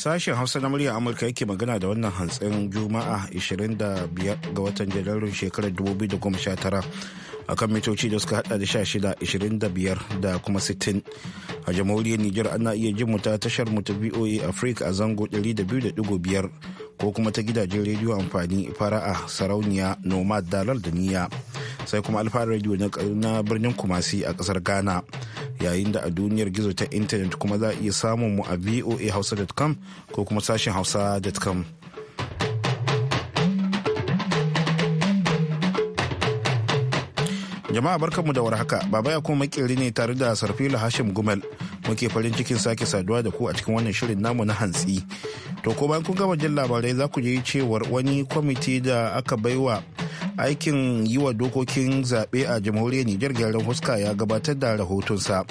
Sashen Hausa na murya Amurka yake magana da wannan hantsin Juma'a 25 ga watan Janairun shekarar 2019 akan mitoci da suka hada da 16, 25 da kuma 60. A jamhuriyar Nijar ana iya jin ta tashar mu ta VOA Africa a zango 200.5 ko kuma ta gidajen rediyo amfani fara'a sarauniya nomad dalar da niyya sai kuma alfa rediyo na birnin kumasi a kasar Ghana. yayin da a duniyar gizo ta intanet kuma za a iya samun mu a voahausa.com ko kuma sashen hausa.com. jama'a barkanmu da warhaka baba ya kuma makeri ne tare da sarfila hashim gumel muke farin cikin sake saduwa da ku a cikin wannan shirin namu na hantsi to ko bayan kun gama jin labarai za ku je cewar wani kwamiti da aka baiwa aikin yi wa dokokin zaɓe a jamhuriyar nijar gyaran fuska ya gabatar da rahotonsa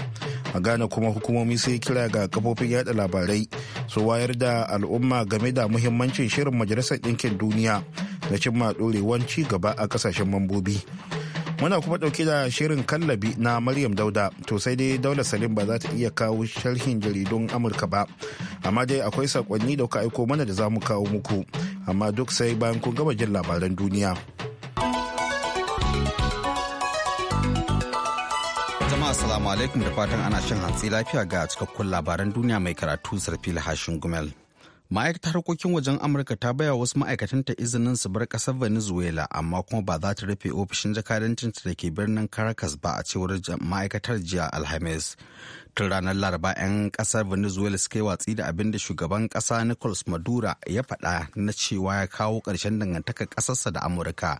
a gane kuma hukumomi sai kira ga kafofin yada labarai su wayar da al'umma game da muhimmancin shirin majalisar ɗinkin duniya da cimma ɗorewan ci gaba a kasashen mambobi muna kuma ɗauke da shirin kallabi na maryam dauda to sai dai daular salim ba za ta iya kawo sharhin jaridun amurka ba amma dai akwai sakonni da kuka aiko mana da za mu kawo muku amma duk sai bayan kun gama jin labaran duniya. jama'a alaikum da fatan ana shan hantsi lafiya ga cikakkun labaran duniya mai karatu sarfil hashin gumel. Ma'aikatar harkokin wajen Amurka ta baya wasu ma'aikatanta izinin su bar ƙasar Venezuela amma kuma ba za ta rufe ofishin jakadancinta da ke birnin Caracas ba a cewar ma'aikatar jiya Alhamis. tun ranar laraba 'yan kasar venezuela suka yi watsi da abin da shugaban kasa nicolas Maduro ya faɗa na cewa ya kawo ƙarshen dangantakar ƙasarsa da amurka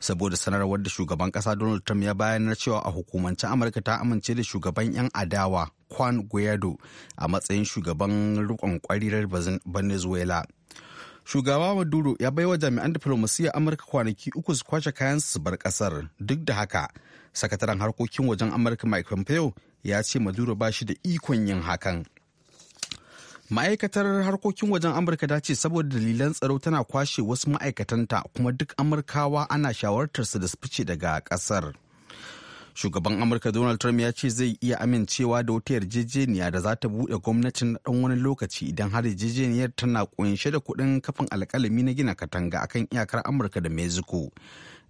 saboda sanarwar da shugaban kasa donald trump ya bayar na cewa a hukumance amurka ta amince da shugaban 'yan adawa juan guaido a matsayin shugaban riƙon kwarirar venezuela shugaba maduro ya baiwa jami'an diflomasiyyar amurka kwanaki uku su kwashe kayan su bar kasar duk da haka sakataren harkokin wajen amurka mike pompeo ya ce maduro ba shi da ikon yin hakan ma'aikatar harkokin wajen amurka ta ce saboda dalilan tsaro tana kwashe wasu ma'aikatanta kuma duk amurkawa ana shawartar su da su fice daga kasar shugaban amurka donald trump ya ce zai iya amincewa da wata yarjejeniya da za ta buɗe gwamnatin ɗan wani lokaci idan har yarjejeniyar tana kunshe da kuɗin kafin alkalami na gina katanga akan iyakar amurka da mexico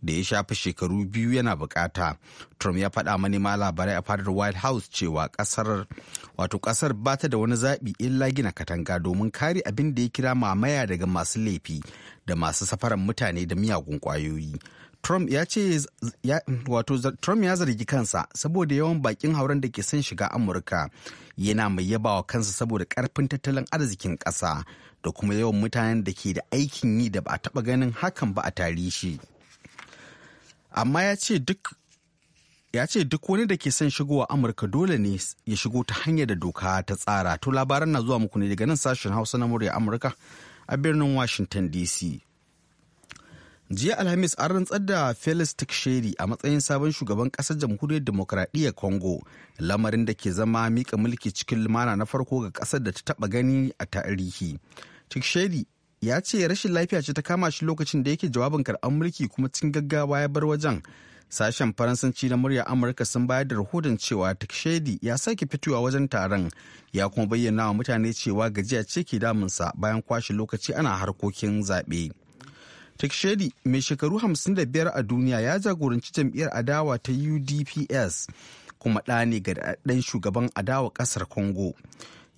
da ya shafi shekaru biyu yana bukata trump ya faɗa manema labarai a fadar white house cewa kasar wato kasar ba da wani zaɓi illa gina katanga domin kare abin da ya kira mamaya daga masu laifi da masu safaran mutane da miyagun kwayoyi Trump ya ce wato Trump ya zargi kansa saboda yawan bakin hauren da ke son shiga Amurka yana mai yaba wa kansa saboda karfin tattalin arzikin ƙasa da kuma yawan mutanen da ke da aikin yi da ba a taɓa ganin hakan ba a tarihi. amma ya ce duk ya ce duk wani da ke son shigowa amurka dole ne ya shigo ta hanyar da doka ta tsara to labaran na zuwa muku ne daga nan sashen hausa na murya amurka a birnin washington dc jiya alhamis an rantsar da felix tiksheri a matsayin sabon shugaban kasar jamhuriyar demokradiyyar congo lamarin da ke zama mika mulki cikin lumana na farko ga kasar da ta taɓa gani a tarihi tiksheri ya ce rashin lafiya ce ta kama shi lokacin da yake jawabin karɓar mulki kuma cikin gaggawa ya bar wajen sashen faransanci na murya amurka sun bayar da rahoton cewa takshedi ya sake fitowa wajen taron ya kuma bayyana wa mutane cewa gajiya ce ke damunsa bayan kwashe lokaci ana harkokin zaɓe takshedi mai shekaru 55 a duniya ya jagoranci jam'iyyar adawa ta udps kuma ɗa ne ga ɗan shugaban adawa ƙasar congo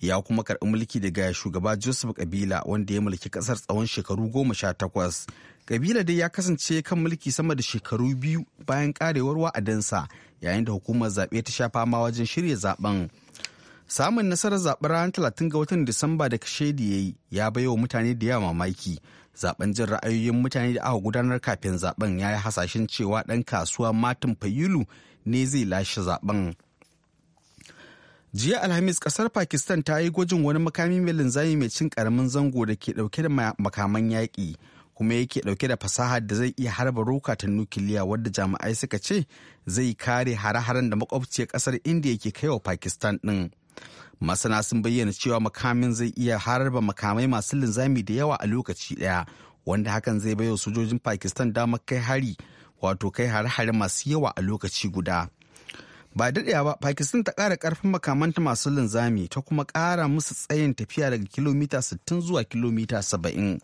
ya kuma karɓi mulki daga shugaba joseph kabila wanda ya mulki ƙasar tsawon shekaru goma sha takwas kabila dai ya kasance kan mulki sama da shekaru biyu bayan karewar wa'adansa yayin da hukumar zaɓe ta sha fama wajen shirya zaben samun nasarar zaɓen ranar talatin ga watan disamba da da ya yi ya bai wa mutane da yawa mamaki zaben jin ra'ayoyin mutane da aka gudanar kafin zaben ya yi hasashen cewa ɗan kasuwa martin fayulu ne zai lashe zaben jiya alhamis kasar pakistan ta yi gwajin wani makami mai linzami mai cin karamin zango da ke dauke da makaman yaƙi kuma yake dauke da fasahar da zai iya harba roka ta nukiliya wadda jami'ai suka ce zai kare hare-haren da makwabciyar kasar india ke kaiwa pakistan din masana sun bayyana cewa makamin zai iya harba makamai masu linzami da yawa a lokaci daya wanda hakan zai baiwa sojojin pakistan damar kai hari wato kai hare-hare masu yawa a lokaci guda ba daɗewa ba pakistan ta kara karfin makamanta masu linzami ta kuma kara musu tsayin tafiya daga kilomita 60 zuwa kilomita 70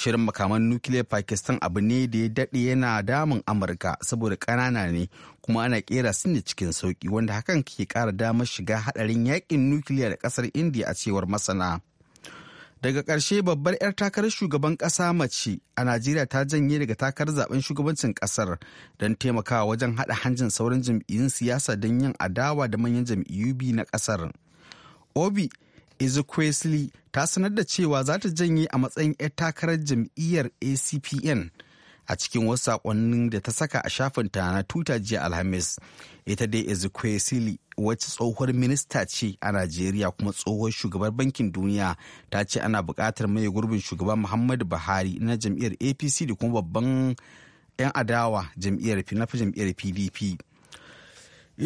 shirin makaman nukiliyar pakistan abu ne da ya daɗe yana damun amurka saboda ƙanana ne kuma ana ƙera su ne cikin sauki wanda hakan ke kara damar shiga haɗarin yaƙin nukiliya da ƙasar indiya a cewar masana daga ƙarshe babbar 'yar takarar shugaban ƙasa mace a najeriya ta janye daga takarar zaben shugabancin ƙasar don taimakawa wajen haɗa hanjin sauran jam'iyyun siyasa don yin adawa da manyan jam'iyyu biyu na ƙasar obi ezekwesili ta sanar da cewa za ta janye a matsayin 'yar takarar jam'iyyar acpn a cikin wasu sakonnin da ta saka a shafin shafinta na tuta jiya alhamis ita dai ezekwesili wacce tsohuwar minista ce a najeriya kuma tsohuwar shugabar bankin duniya ta ce ana buƙatar mai gurbin shugaban muhammadu buhari na jam'iyyar apc da kuma babban 'yan adawa na jam'iyyar pdp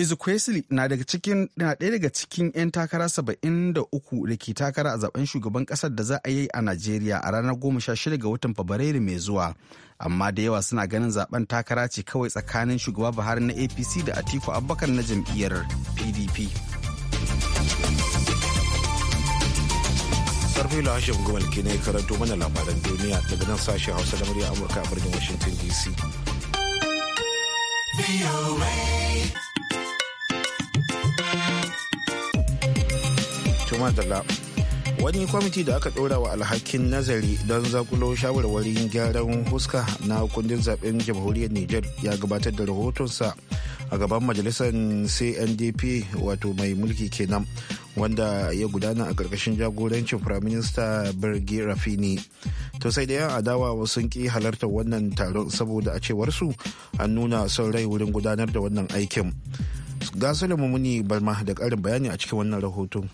izu Kwesili na daga cikin na ɗaya daga cikin 'yan takara saba'in da uku ke takara a zaben shugaban ƙasar da za a yi a Najeriya a ranar sha shida ga watan Fabrairu mai zuwa. Amma da yawa suna ganin zaben takara ce kawai tsakanin shugaba Buhari na APC da Atiku Abubakar na jam'iyyar PDP. Sarfilo Hashim Gumal ke karanto mana labaran duniya daga nan sashen Hausa da murya Amurka a birnin Washington DC. wani kwamiti da aka ɗora wa alhakin nazari don zakulo shawarwarin gyaran huska na kundin zaben jamhuriyar nijar ya gabatar da rahotonsa a gaban majalisar cndp wato mai mulki kenan wanda ya gudana a ƙarƙashin jagorancin firaminista birgi rafini to sai da yan adawa sun ƙi halartar wannan taron saboda a cewarsu an nuna son rai wurin gudanar da wannan aikin ga salamu Muni balma da karin bayani a cikin wannan rahoton.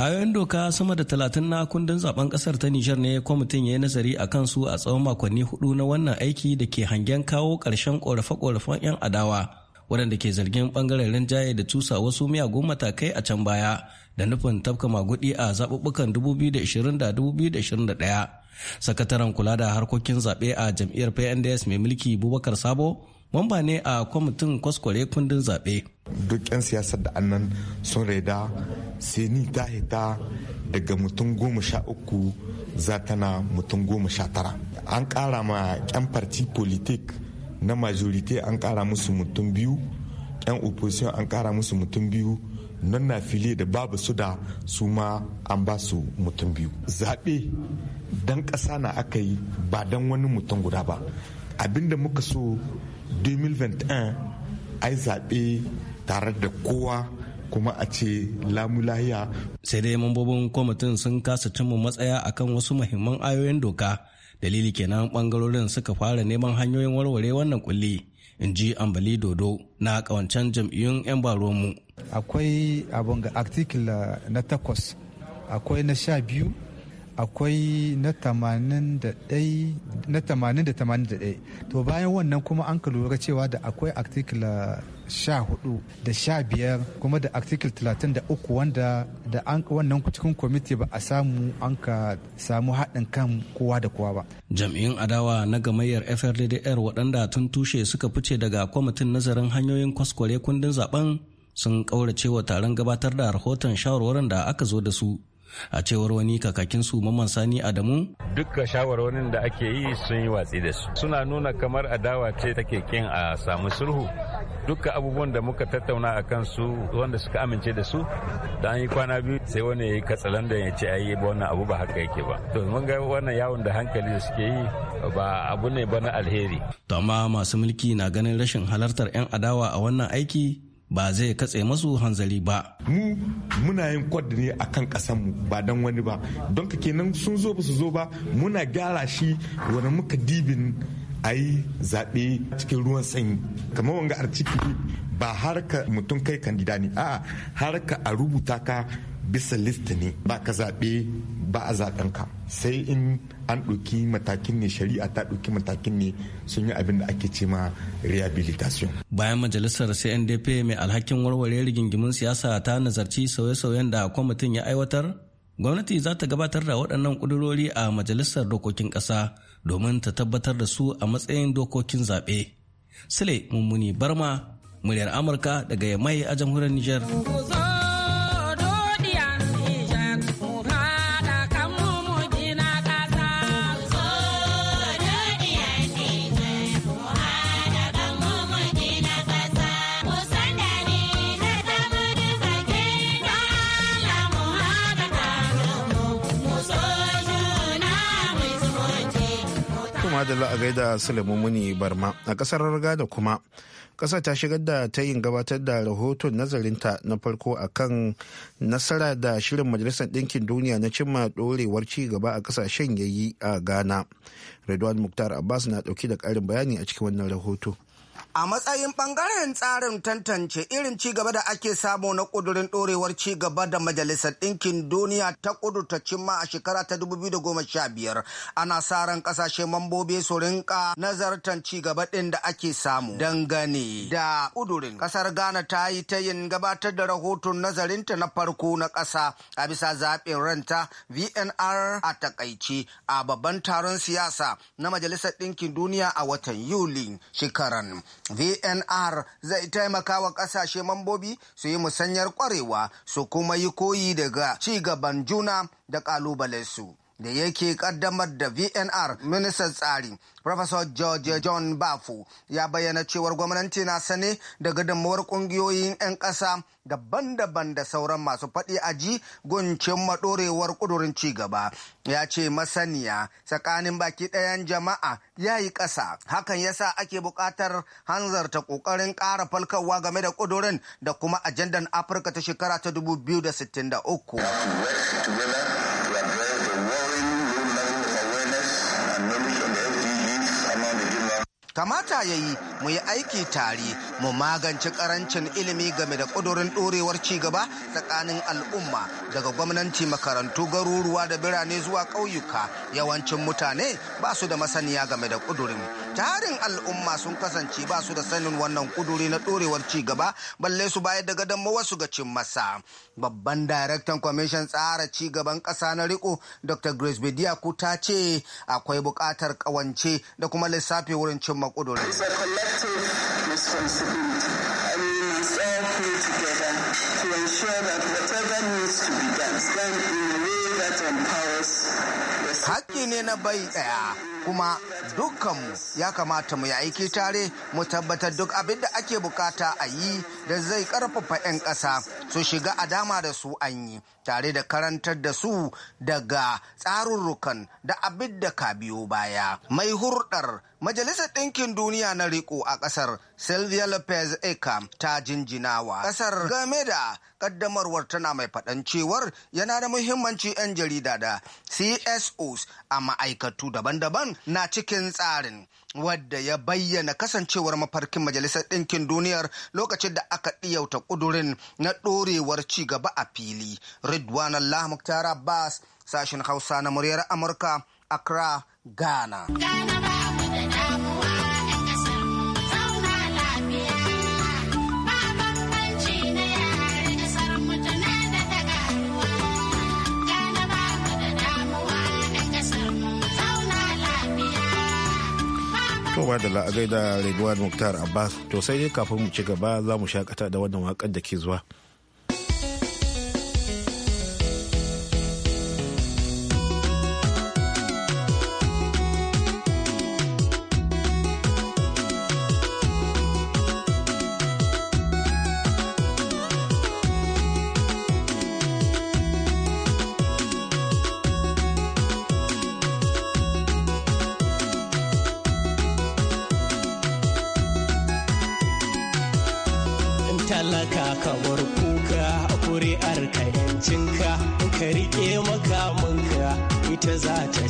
a yayin doka sama da talatin na kundin zaben kasar ta nijar ne kwamitin ya yi nazari a kansu a tsawon makonni hudu na wannan aiki da ke hangen kawo ƙarshen ƙorafe-ƙorafen 'yan adawa wadanda ke zargin ɓangaren rinjaye da cusa wasu miyagun matakai a can baya da nufin tafka magudi a zaɓuɓɓukan 2020 da 2021 sakataren kula da harkokin zaɓe a jam'iyyar pnds mai mulki bubakar sabo mamba ne a kwamitin kwaskware kundin zaɓe. duk 'yan siyasar da annan sun raida sai ni ta hita daga mutum goma sha uku za tana mutum goma sha tara an ƙara ma 'yan parti politik na majorite an ƙara musu mutum biyu 'yan opposition an ƙara musu mutum biyu nan na fili da babu su da su ma an ba su mutum biyu zaɓe dan ƙasa na aka yi ba dan wani mutum guda ba abinda muka so 2021 ai zaɓe tare da kowa kuma a ce lamulahiya. sai dai mambobin kwamitin sun kasa cimma matsaya akan wasu mahimman ayoyin doka dalili kenan bangarorin suka fara neman hanyoyin warware wannan kulli in ji ambali dodo na kawancan jam'iyyun 'yan mu akwai abin ga uh, na takwas akwai na sha biyu akwai na 81 da 81 to bayan wannan kuma an ka lura cewa da akwai article 14 da 15 kuma da article 33 wanda da an wannan cikin kwamiti ba a samu an ka samu haɗin kan kowa da kowa ba jam'in adawa na gamayyar FRDDR waɗanda tun tushe suka fice daga kwamitin nazarin hanyoyin kwaskware kundin zaben sun kaurace wa taron gabatar da rahoton shawarwarin da aka zo da su a cewar wani kakakin su mamman sani adamu duka shawarwarin da ake yi sun yi watsi da su suna nuna kamar adawa ce take kin a samu sulhu duka abubuwan da muka tattauna a kan su wanda suka amince da su da an yi kwana biyu sai wani ya yi katsalandan ya ce ayi yi wannan abu ba haka yake ba to mun ga wannan yawon da hankali da suke yi ba abu ne ba na alheri to amma masu mulki na ganin rashin halartar 'yan adawa a wannan aiki ba zai katse masu hanzali ba. Mu muna yin kwad ne a kan ƙasanmu ba don wani ba, don ka kenan sun zo ba su zo ba muna gyara shi wani muka dibin a yi zaɓe cikin ruwan sanyi. Kamar wanga a ciki ba harka mutum kai kandida ne, a'a harka a rubuta ka bisa lista ne ba ka zaɓe ba a zaɓen ka sai in an ɗauki matakin ne shari'a ta ɗauki matakin ne sun yi abin da ake ce ma rehabilitation. Bayan majalisar CNDP mai alhakin warware rigingimin siyasa ta nazarci sauye-sauyen da kwamitin ya aiwatar, gwamnati za ta gabatar da waɗannan ƙudurori a majalisar dokokin ƙasa domin ta tabbatar da su a matsayin dokokin zaɓe. Sule Mummuni Barma, muryar Amurka daga Yamai a jamhuriyar Nijar. madalla a gaida Sulemu Muni Barma a kasar da kuma kasar ta shigar da ta yin gabatar da rahoton nazarinta na farko akan nasara da shirin majalisar ɗinkin duniya na cimma ɗorewar ci gaba a kasashen yayi a Ghana. Redwan Muktar Abbas na ɗauki da ƙarin bayani a cikin wannan rahoto. a matsayin ɓangaren tsarin tantance irin ci gaba da ake samu na ƙudurin ɗorewar ci gaba da majalisar ɗinkin duniya ta ƙudurta cimma a shekara ta 2015 ana sa ran ƙasashe mambobi su rinka nazartan ci gaba ɗin da ake samu dangane da ƙudurin ƙasar ghana ta yi ta yin gabatar da rahoton nazarinta na farko na ƙasa a bisa zaɓin ranta vnr a takaici a babban taron siyasa na majalisar ɗinkin duniya a watan yuli shekaran VNR zai taimaka wa ƙasashe mambobi su yi musanyar kwarewa su kuma yi koyi daga ci gaban juna da su. da yake kaddamar da vnr ministan tsari Professor George John Bafo ya bayyana cewar gwamnati na sane da gudunmuwar kungiyoyin 'yan ƙasa daban-daban da sauran masu faɗi a ji guncin maɗorewar ƙudurin cigaba. Ya ce masaniya tsakanin baki ɗayan jama'a ya yi ƙasa. Hakan yasa ake buƙatar hanzarta ƙoƙarin ƙara falkarwa game da ƙudurin da kuma ajandan Afirka ta shekara ta 2063. kamata ya yi mu yi aiki tare mu magance karancin ilimi game da kudurin ɗorewar cigaba tsakanin al'umma daga gwamnati makarantu garuruwa da birane zuwa ƙauyuka yawancin mutane ba su da masaniya game da kudurin. tarin al'umma sun kasance ba su da sanin wannan kuduri na ɗorewar cigaba gaba balle su bayar da gadon wasu ga cin masa babban daraktan kwamishin tsara cigaban ƙasa na riko dr grace bediaku ta ce akwai buƙatar ƙawance da kuma lissafi wurin cin makuduri To ensure ne na bai ɗaya kuma dukkanmu ya kamata mu yi aiki tare mu tabbatar duk abin da ake bukata a yi da zai karfafa 'yan ƙasa su shiga a dama da su an yi tare da karantar da su daga tsarurrukan da abin da ka biyo baya mai hurɗar Majalisar Ɗinkin Duniya na riko a ƙasar Sylvia Lopez Eka ta jinjinawa. Ƙasar game da ƙaddamarwar tana mai faɗan cewar yana da muhimmanci 'yan jarida da CSOs a ma'aikatu daban-daban na cikin tsarin wadda ya bayyana kasancewar mafarkin majalisar ɗinkin duniyar lokacin da aka ɗiyauta ƙudurin na ɗorewar ci gaba a fili. Ridwan Allah Muktar Abbas, sashen Hausa na muryar Amurka, Accra, Ghana. Ghana To da la'agai da Redwan Mukhtar Abbas to sai dai kafin mu ci gaba za mu shakata da wannan wakar da ke zuwa.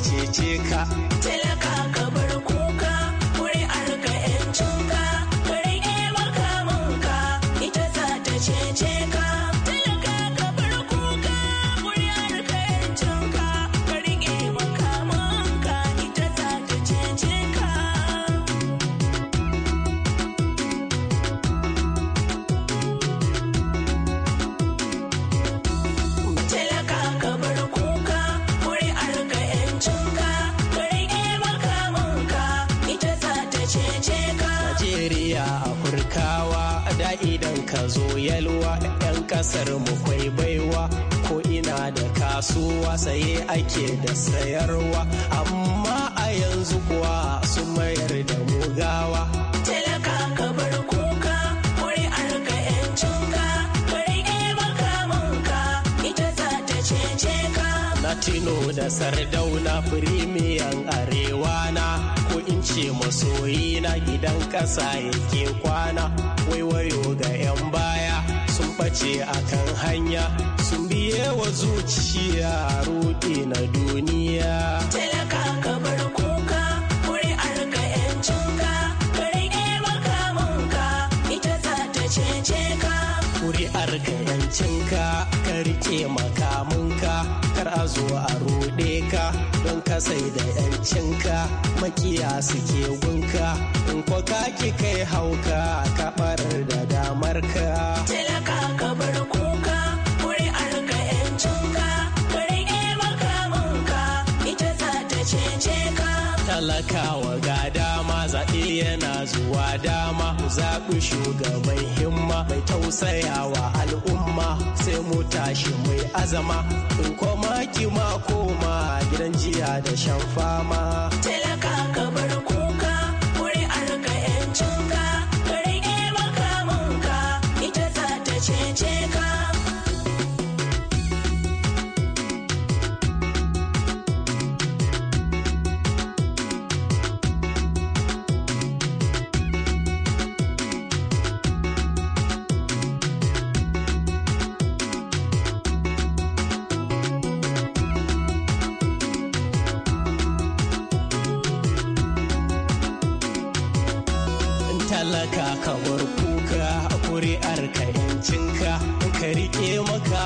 cece ka. yalwa yan kasar mu kwai baiwa ko ina da kasuwa saye ake da sayarwa amma a yanzu kuwa su mayar da mugawa talaka ka bar kuka arka yancinka ita cece ka latino da sardauna arewa arewana in ce masoyi na gidan ƙasa yake kwana waiwayo ga 'yan baya sun ɓace kan hanya sun biye wa zuciya ruɗe na duniya talaka ka 'yancinka ka rike makamunka, ita za ta ka ka ka riƙe kar a zo a ruɗe ka don kasai da yancinka makiya suke gunka in ko ka ki kai hauka ka barar da damar ka talaka ka bar kuka wuri a rika yancinka ke e makamanka ita za ta cece ka talakawa ga dama zaɓe yana zuwa dama ku zaɓi shugaban dama mai tausayawa al'umma sai mu tashi mai azama in koma kima koma gidan jiya da shan fama Telecom. talaka ka bar kuka kuri'ar ka yancinka ka rike ka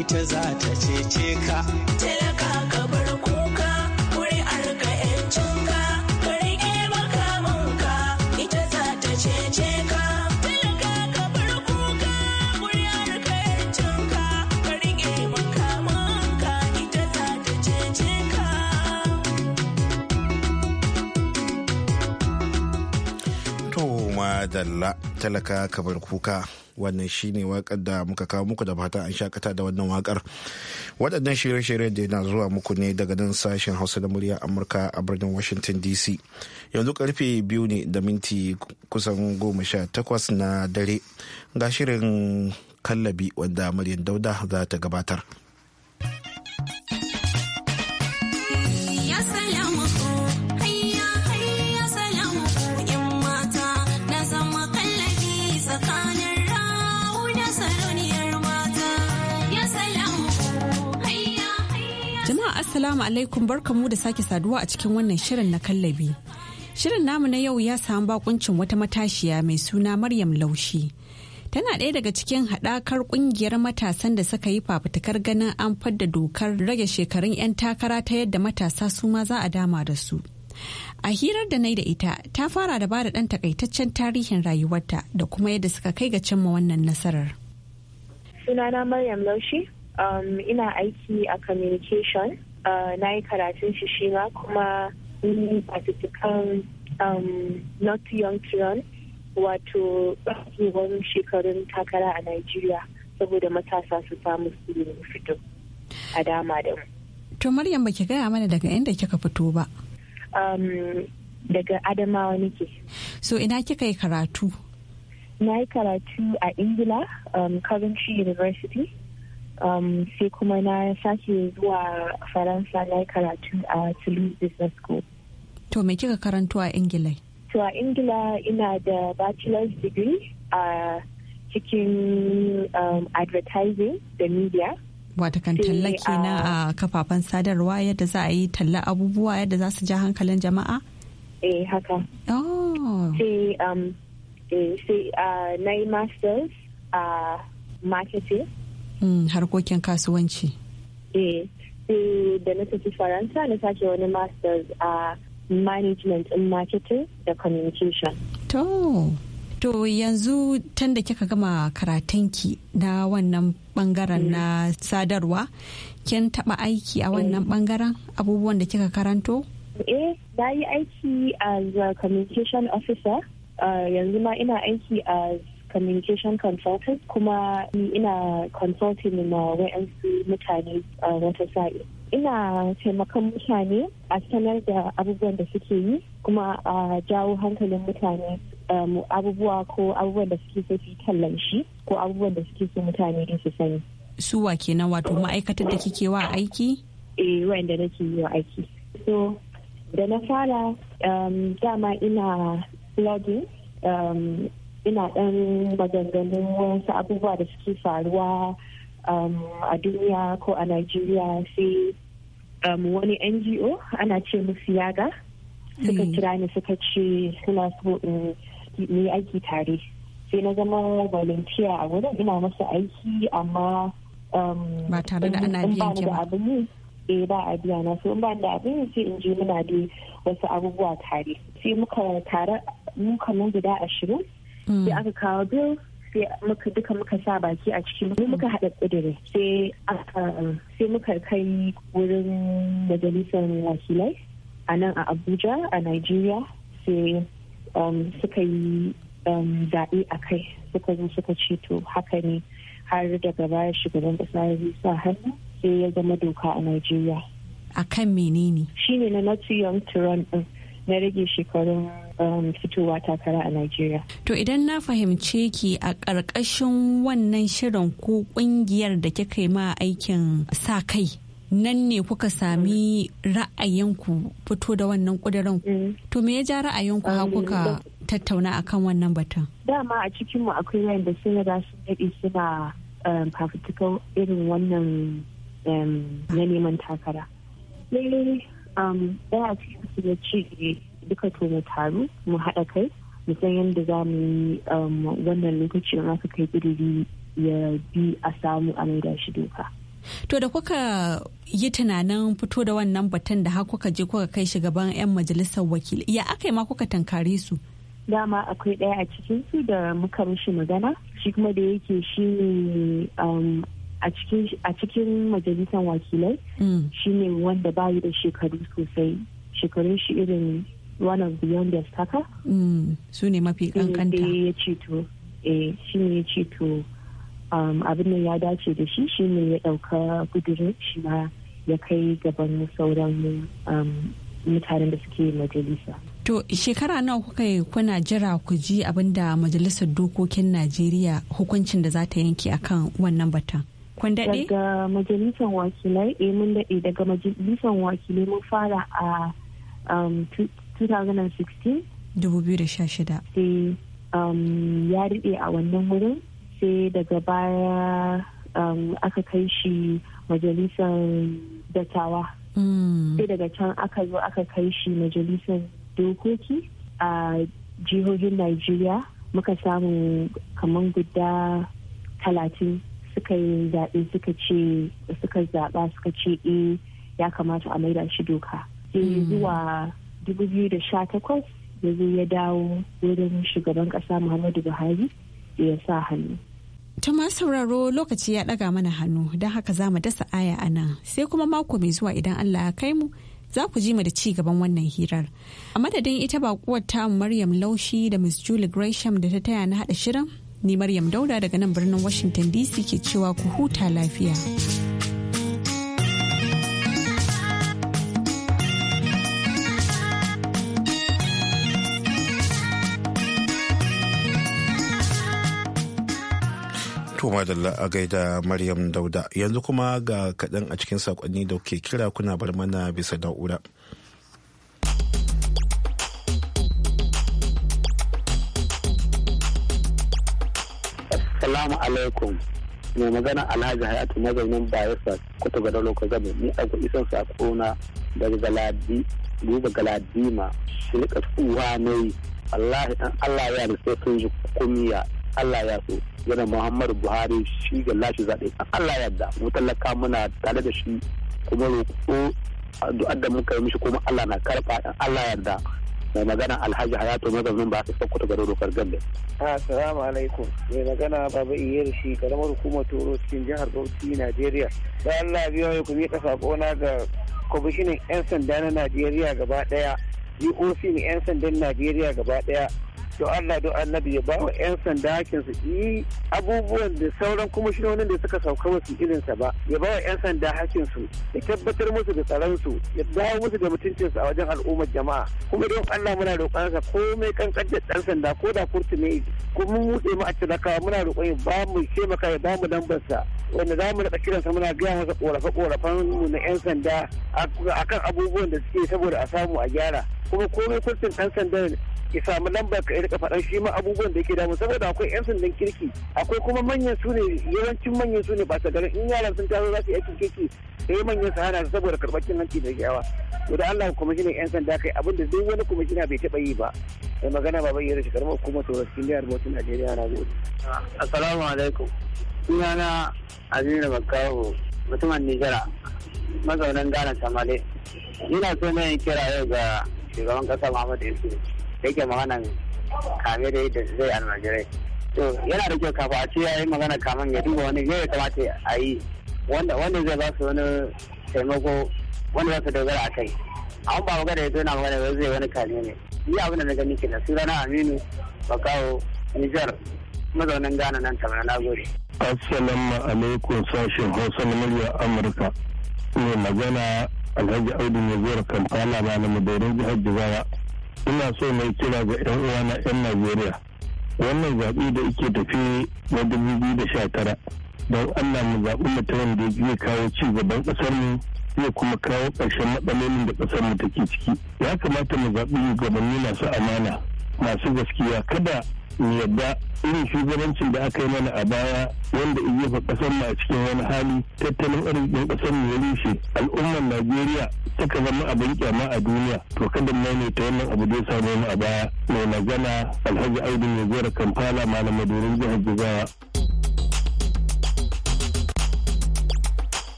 ita za ta cece ka talaka talla talaka kamar kuka wannan shine wakar da muka kawo muku da fatan an shakata da wannan wakar waɗannan shirye-shiryen da yana zuwa muku ne daga nan sashen hausa da murya amurka a birnin washington dc yanzu karfe biyu ne da minti kusan goma sha takwas na dare ga shirin kallabi wanda maryam dauda za ta gabatar. Ya Assalamu alaikum barkamu da sake saduwa a cikin wannan shirin na kallabi. Shirin namu na yau ya samu bakuncin wata matashiya mai suna Maryam Laushi. Tana ɗaya daga cikin haɗakar ƙungiyar matasan da suka yi fafutukar ganin an fadda dokar rage shekarun 'yan takara ta yadda matasa su ma za a dama da su. A hirar da nai da ita ta fara da bada ɗan takaitaccen tarihin rayuwarta da kuma yadda suka kai ga cimma wannan nasarar. Sunana Maryam Laushi, um, ina aiki a communication Uh, na yi karatun shi shi ma kuma ni participan um, not young children wato wani shekarun takara a Najeriya saboda matasa su samu su fito a dama da mu. To Maryam baki gaya mana daga inda kika fito ba. Um, daga Adamawa nake. So ina kika yi karatu? Na yi karatu a Ingila, um, Coventry University. Um, sai kuma na sake zuwa faransa na karatu a toulouse business school to me kika karanto a ingila to a ingila ina da bachelor's degree a uh, cikin um, advertising da media wata kan talla na uh, a kafafen sadarwa yadda za a yi talla abubuwa yadda za su ja hankalin jama'a? eh haka oh. sai um, eh, uh, na yi masters a marketing Mm, harkokin kasuwanci eh da na tafi faransa na sake wani masters a management in marketing da communication to to yanzu tun da kika gama karatunki na wannan bangaren na sadarwa kin taba aiki a wannan bangaren eh. abubuwan da kika karanto eh da yi aiki as a communication officer ah, yanzu ma ina aiki as communication consultant kuma ina consulting ma wa'yansu mutane wata sa'i ina taimakon mutane a sanar da abubuwan da suke yi kuma a jawo hankalin mutane um, abubuwa ko abubuwan da suke so su tallan shi ko abubuwan da suke so mutane da su sani suwa kenan wato ma'aikatar da kike wa aiki eh wanda nake yi wa aiki so da na fara um, dama ina blogging um, ina ɗan maganganun wasu abubuwa da suke faruwa um, a duniya ko a Najeriya sai um, wani NGO ana ce musu yaga suka mm. kira ni suka ce suna so in yi aiki tare sai na zama volunteer a wurin ina masa aiki amma um, ba tare da ana biyan ki ba e ba a biya na so ba da abin sai in je muna da wasu abubuwa tare sai muka tare mun guda ashirin Mm. sai aka kawo bill sai muka duka muka sa baki a ciki mu muka haɗa ƙudiri sai sai muka kai wurin majalisar wakilai a nan a abuja a nigeria sai um, suka yi um, zaɓe a kai suka zo suka ce to haka ne har daga baya shugaban kasa ya sa hannu sai ya zama doka a nigeria a kan menene shine na not too young to na rage shekarun Um, fitowa takara a Najeriya. To idan na fahimce ki a ƙarƙashin wannan shirin ko ƙungiyar da kika yi ma aikin sa kai nan ne kuka sami ra'ayinku fito da wannan ƙudurin. Mm. To me ya ja ra'ayinku ha kuka tattauna akan wannan batun? Dama a cikinmu akwai da sun riga sun daɗe suna um, fafutukan irin wannan um, na neman takara. Lele, ɗaya a cikin su ya ce duka to mu taru mu haɗa kai mu san yadda za mu yi um, wannan lokacin aka kai ƙuduri ya bi a samu a maida shi doka. To da kuka yi tunanin fito da wannan batun da har kuka je kuka kai shi 'yan majalisar wakili ya aka yi ma kuka tankare su? Dama akwai ɗaya a cikin su da muka mishi magana shi kuma da yake shi ne um, a cikin majalisar wakilai mm. shi ne wanda bayi da shekaru sosai shekarun shi irin one of the youngest haka mm, su ne mafi kankanta ya shi ne ya ce to eh, um, abin da ya dace da shi shi ne ya dauka gudurin shi ma ya kai gaban sauran um, mutanen da suke majalisa to shekara nawa kuka yi kuna jira ku ji abin da majalisar dokokin najeriya hukuncin da za ta yanke akan wannan batun kun daɗe? daga majalisar wakilai eh, mun daɗe daga majalisar wakilai mun fara a um, 2016 2016 sai um, ya riɗe a wannan wurin sai daga baya um, aka kai shi majalisar dattawa mm. sai daga can aka zo aka kai shi majalisar dokoki a jihohin Najeriya muka samu kamar guda talatin suka yi zaɓe suka ce suka zaɓa suka ce e ya kamata a maida shi doka sai mm. zuwa 2018 ya zo ya dawo wurin shugaban kasa muhammadu buhari da ya sa hannu ta ma sauraro lokaci ya ɗaga mana hannu don haka za mu dasa aya a nan sai kuma mako mai zuwa idan allah ya kai mu za ku ji mu da ci gaban wannan hirar. A madadin ita bakuwar ta Maryam Laushi da Miss Julie Gresham da ta taya na haɗa shirin, ni Maryam Dauda daga nan birnin Washington DC ke cewa ku huta lafiya. To madalla a gaida Maryam Dauda yanzu kuma ga kaɗan a cikin sakonni da kuke kira kuna bar mana bisa na'ura. salamu alaikum. mai magana alhaji hayatu mazaunin bayelsa kuta ga lokacin kazabe ni a isan sako na daga galadi duba galadima shi nika tsuwa ne dan allah ya da sai sun ji kumiya Allah ya so yana Muhammadu Buhari shi ga lashe zaɓe Allah ya da mu tallaka muna tare da shi kuma roƙo addu'ar da muka yi mishi kuma Allah na karɓa Allah yarda mai magana alhaji hayato mazaunin ba ta sakkuta ga dokar gambe. assalamu alaikum mai magana baba iyar shi karamar hukumar toro cikin jihar bauchi najeriya da allah biyo ya kuma ka na ga kwamishinan yan sanda na najeriya gaba daya doc yan sandan najeriya gaba daya to Allah don annabi ya bawa 'yan sanda hakin su yi abubuwan da sauran kuma shinonin da suka sauka wasu irinsa ba ya bawa 'yan sanda hakin su ya tabbatar musu da tsaron su ya dawo musu da mutuncin su a wajen al'ummar jama'a kuma don Allah muna sa komai kankan da ɗan sanda ko da kurtu ne ko mun mutse mu a muna roƙon ya ba mu taimaka ya ba mu lambar sa. wanda za mu kiran sa muna gaya masa ƙorafe-ƙorafen mu na 'yan sanda akan abubuwan da suke saboda a samu a gyara kuma komai kurtin ɗan sanda ki samu lambar ka rika faɗan shi ma abubuwan da yake damu saboda akwai yan sandan kirki akwai kuma manyan su ne yawancin manyan su ne ba garin in yaran sun taso za su yi aikin kirki yi manyan su hana su saboda karɓar cin hanci da yawa to da Allah kwamishinan yan sanda kai abin da duk wani kwamishina bai taɓa yi ba sai magana ba bayyana shi karamar hukumar tsoron cikin jihar Bauchi Najeriya na gode. Assalamu alaikum. Sunana Aminu Makaho mutumin Nijara mazaunan Ghana Tamale. Ina so na yi kira yau ga shugaban kasa Muhammadu Yusuf da yake maganan kame da yadda zai almajirai to yana da kyau kafa a ce ya yi magana kaman ya duba wani ne ya kamata a yi wanda zai ba su wani taimako wanda za su dogara a kai an ba magana ya zo na magana wai zai wani kame ne ni abin da na gani su sunana aminu bakawo nijar mazaunin ghana nan tamar na gode assalamu alaikum sashen hausa na murya amurka ne magana alhaji audu mai zuwa kampala ba na madarin jihar jibawa ina so mai kira ga 'yan uwana 'yan najeriya wannan zaɓe da ike tafi na biyu da sha tara don allah mu zaɓi mutumin da zai kawo ci gaban ƙasar mu zai kuma kawo ƙarshen matsalolin da ƙasar mu take ciki ya kamata mu zaɓi shugabanni masu amana masu gaskiya kada yadda irin shugabancin da aka yi mana a baya wanda in fa kasar mu a cikin wani hali tattalin arzikin kasar mu ya rushe al'ummar najeriya taka zama abin kyama a duniya to kada mu ta wannan abu da samu mu a baya mai magana alhaji audu mai zuwa kampala malam dorin jihar jigawa.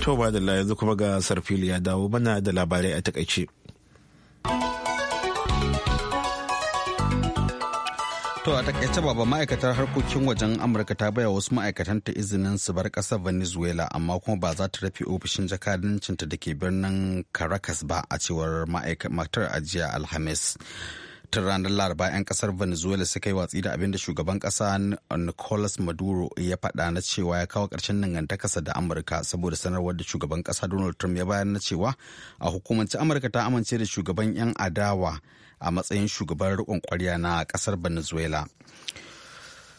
to ba da yanzu kuma ga sarfili ya dawo bana da labarai a takaice. To a takaice baba ma'aikatar harkokin wajen Amurka ta baya wasu ta izinin su bar kasar Venezuela amma kuma ba za ta rufe ofishin jakadancinta da ke birnin Caracas ba a cewar ma'aikatar ajiya Alhamis. tun ranar laraba 'yan kasar venezuela suka yi watsi da abin da shugaban kasa nicolas maduro ya faɗa na cewa ya kawo ƙarshen dangantakarsa da amurka saboda sanarwar da shugaban kasa donald trump ya bayar na cewa a hukumance amurka ta amince da shugaban 'yan adawa a matsayin shugaban riƙon ƙwarya na ƙasar venezuela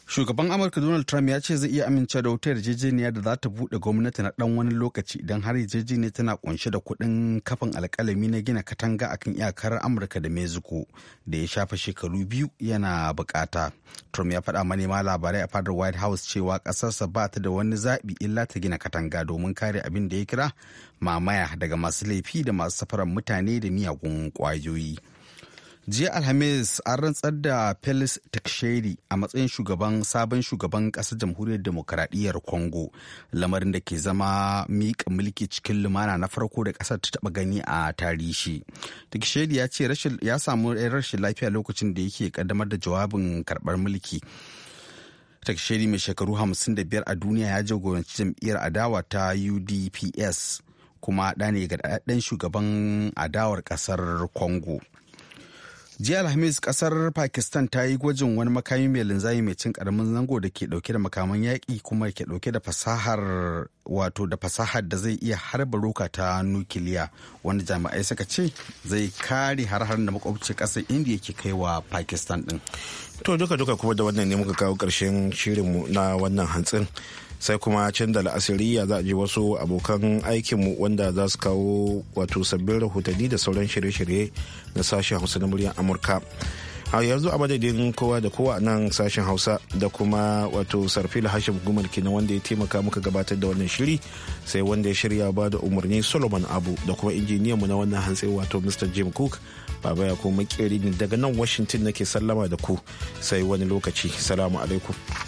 shugaban amurka donald trump ya ce zai iya amince da wata yarjejeniya da za ta buɗe gwamnati na ɗan wani lokaci idan har yarjejeniya tana kunshe da kuɗin kafin alƙalami na gina katanga a kan iyakar amurka da mexico da ya shafa shekaru biyu yana bukata trump ya faɗa manema labarai a fadar white house cewa ƙasarsa ba ta da wani zaɓi illa ta gina katanga domin kare abin da ya kira mamaya daga masu laifi da masu safarar mutane da miyagun kwayoyi. jiya alhamis an rantsar da felix taksheri a matsayin shugaban sabon shugaban ƙasar jamhuriyar demokaradiyyar congo lamarin da ke zama miƙa mulki cikin lumana na farko da ƙasar ta taɓa gani a tarihi taksheri ya ce ya samu rashin lafiya lokacin da yake ƙaddamar da jawabin karɓar mulki taksheri mai shekaru 55 a duniya ya jagoranci jam'iyyar adawa ta udps kuma ɗane ga ɗan shugaban adawar ƙasar congo jiya alhamis kasar pakistan ta yi gwajin wani makami mai linzami mai cin karamin zango da ke dauke da makaman yaƙi kuma ke dauke da fasahar wato da fasahar da zai iya harba roka ta nukiliya wanda jami'ai suka ce zai kare har-har da makwabci kasar indiya ke kai wa pakistan din to duka-duka kuma da wannan ne muka kawo karshen shirinmu na wannan hantsin sai kuma can da la'asiriya za a je wasu abokan aikinmu wanda za su kawo wato sabbin rahotanni da sauran shirye-shirye na sashen hausa na muryar amurka a yanzu a madadin kowa da kowa nan sashen hausa da kuma wato sarfil hashim gumal kenan wanda ya taimaka muka gabatar da wannan shiri sai wanda ya shirya ba da umarni solomon abu da kuma injiniyanmu na wannan hantsi wato mr jim cook baba ya kuma makeri daga nan washington nake sallama da ku sai wani lokaci salamu alaikum